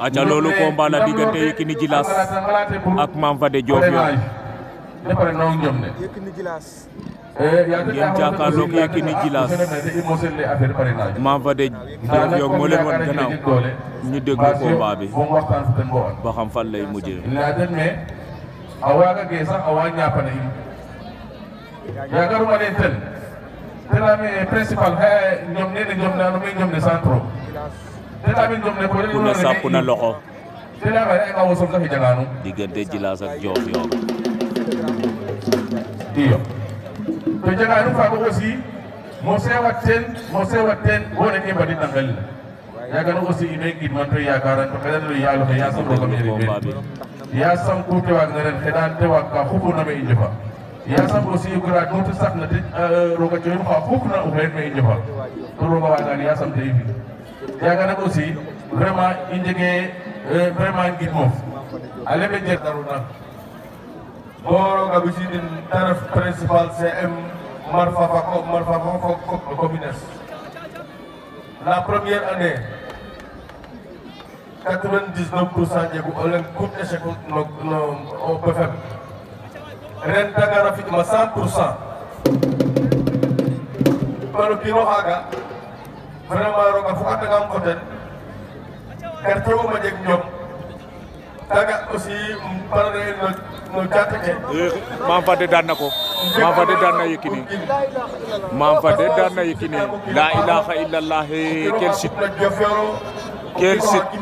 aca loolu combat la diggante Yékini Jilas ak Mame Fadé Diouf yoon ngeen jàkkaarloog Yékini Jilas Mame Fadé Diouf yoon moo leen wan gannaaw ñu déglu combat bi ba xam fan lay mujjee Kounda sàpp na loxo diggante Djilass ak Diof Yor iyo to jagaanu faaga aussi mo sewat teen mo sewat teen bo neke mbadid na ngel ne yaaga nu aussi in way ngidman to yaakaran to xeɗanelo yaal oxe yasam roog a meri meen yasam te waag na ren xeɗan te waag ka xupuna me i njofa yasam aussi grade nu te saqna te roog a cooyum xa xupna o xeen me i njofa to rooga waagaan yasam te i yaakaar naa aussi vraiment i euh, vraiment ngid moof a leɓe daruna bo roog a ɓisiidin principal CM Marfa fa Marfa fa commune la première année 99 pour cent njegu o leŋ échec no o BFEM ren te gara fi'ma 100 pour cent kon o kiin o vraiment roga fokantangaam fo ten gar ceguma jeg njom daan na ko Mame Fadé daan daan na Yékini la ilaha illallah eh, quel site quel site